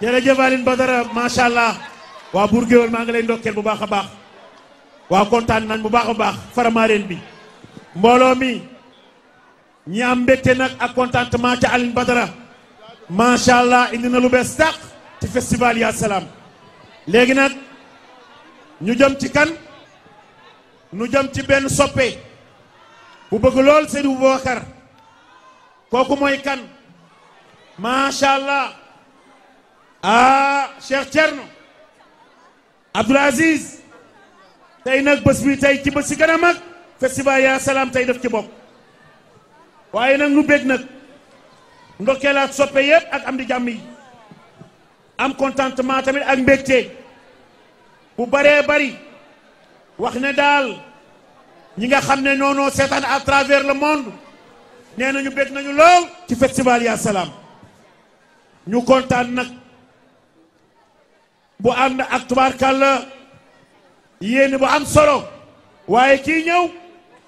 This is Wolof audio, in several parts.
jërëjëf Aline Badara macha allah waa Bour maa ngi lay ndokkeel bu baax a baax waa kontaan nañ bu baax a baax faramaareen bi mbooloo mi ñi am mbégte nag ak contentement ca Badara macha allah indi na lu bees tàq ci festival ya salaam léegi nag ñu jëm ci kan ñu jëm ci benn soppe bu bëgg lool Seydou Boubacar kooku moy kan macha allah. ah Cheikh Thierno Abdoul Aziz tey nag bés bi tey ci bés si gën a mag festival yaa salaam tey def ci bokk waaye nag nu bég nag ndokkeelaat soppe yëpp ak am di jàmm yi am contentement tamit ak mbégte bu baree bari wax ne daal ñi nga xam ne noonoo seetaan à travers le monde nee ñu bég nañu lool ci festival yaa salaam ñu kontaan nag bu ànd ak tubaarkàlla yéen bu am solo waaye kii ñëw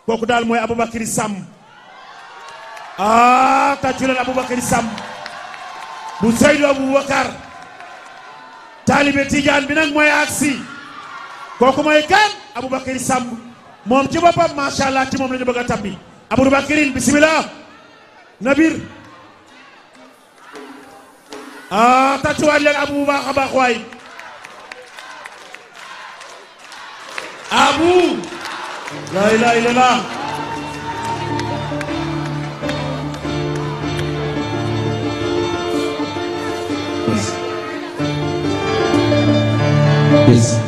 kooku daal mooy Aboubacry Samb ah tàccu leen Aboubacry Samb bu Seydou Aboubacar taalibe Tijaan bi nag mooy aksi kooku mooy kan Aboubacry Samb moom ci boppam macha allah ci moom la ñu bëgg a tabbi Aboubacry bisimilah Nabir ah tàccuwaat Abu. La ilaha illallah. Yes. Yes.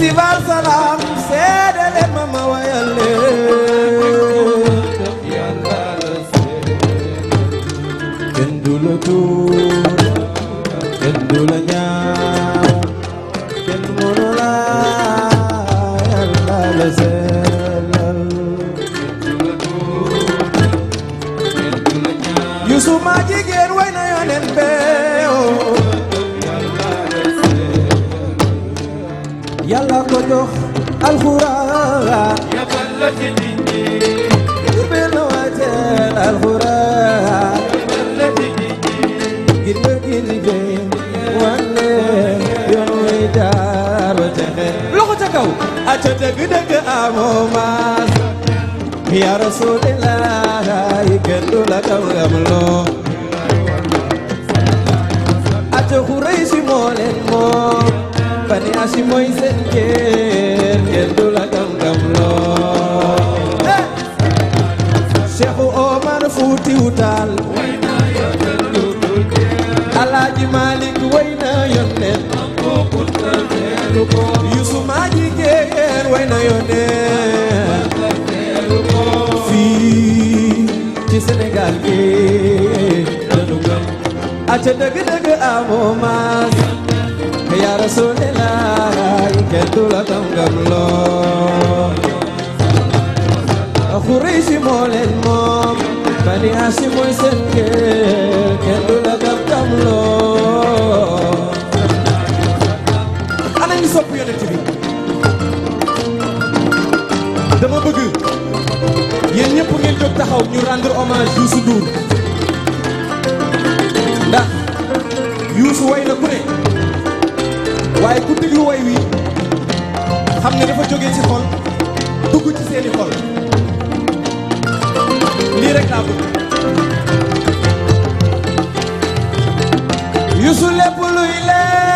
festival salaam seede leen ma ma wayal leen yàlla la seede kenn du la tuur kenn du la ñaaw kenn yaa rasuulillaahi kenn du la gam gam loo aca Xuraysi moo leen moom Bani Haashim mooy seen kër aca dëgg dëgg amoo maas yaa rasuulillah kenn du la gam-gam loo Xuraysi moo leen moom Bani Haasim mooy seen kër la gam-gam loo ana ñu dama bëgg yéen ñëpp ngeen jóg taxaw ñu rendre hommage Youssou Ndour ndax yuusu way na ku ne waaye ku déglu way wi xam ne dafa jóge ci xol dugg ci seeni xol lii rek laa bëgg yuusu lépp luy leer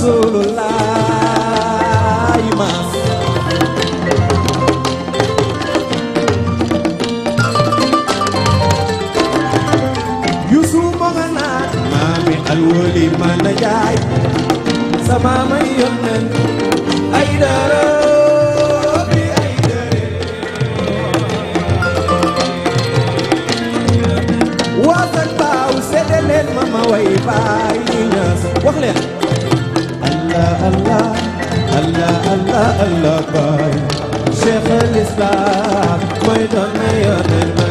rasulullah imaam Yusuf moo nga naan maami alwali man na jaay sama may yónneen ay dara wax leen Allah Allah Allah Allah Allah boy Cheikh al Islam mooy doon na yoonal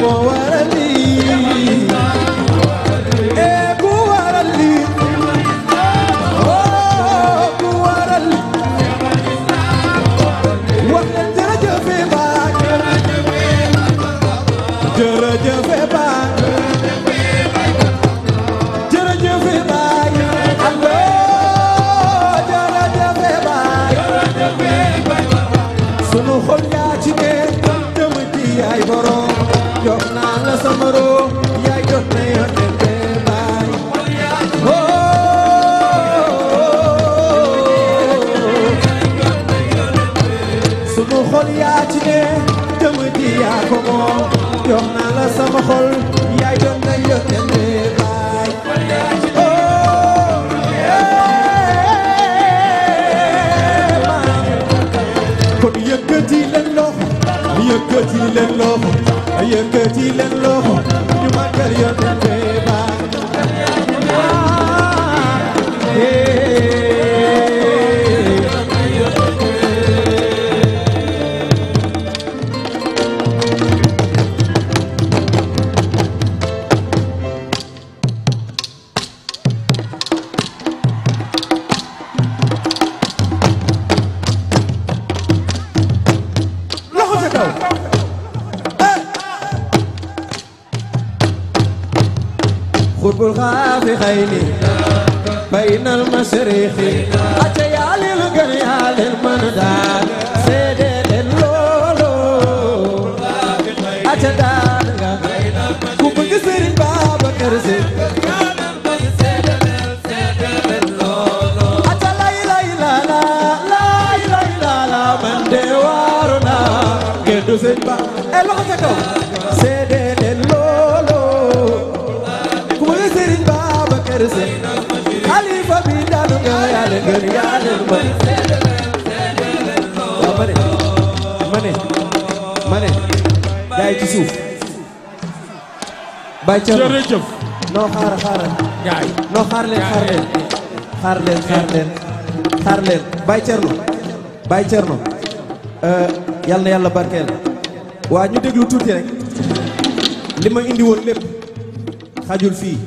moo waral jox naa la sama xol yaay doon na yónnee oh, kon yëkkati leen loxo yëkkati leen loxo sa kaw xutbul xaafi xayni baynal masriqi aca yaalil gën yaalil mën daal jërëjëf noo xaar xaaral gaay noo xaar leen xaar leen xaar leen xaar leen xaar leen Baye Thierno Baye Thierno euh, yàlla barkeel waa ñu déglu tuuti rek li ma indi woon lépp xajul fii.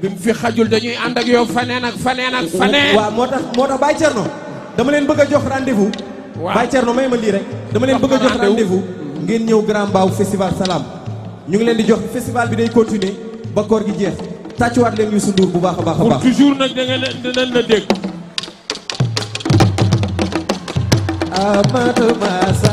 bi mu fi xajul dañuy ànd ak yow faneen ak faneen ak faneen. waaw moo tax moo tax Baye Thierno dama leen bëgg a jox rendez-vous. waaw Baye Thierno may ma lii rek. dama leen bëgg a jox rendez-vous. ngeen ñëw Grand Mbao festival Salam. ñu ngi leen di jox festival bi day continuer ba koor gi jeex tàccuwaat leen Youssou Ndour bu baax a baax a baax. pour toujours nag da ngeen dinañ la dégg. Amadou Massa.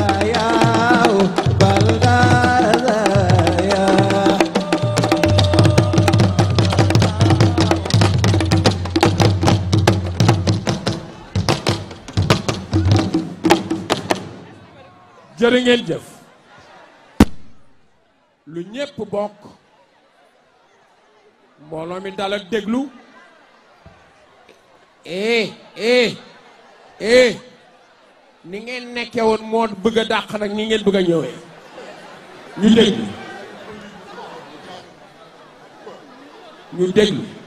jërë jëf lu ñépp bokk mbooloo mi dal ak déglu eh eh eh ni ngeen nekkee woon moo bëgg a dàq nag ni ngeen bëgg a ñëwee ñu déglu ñu déglu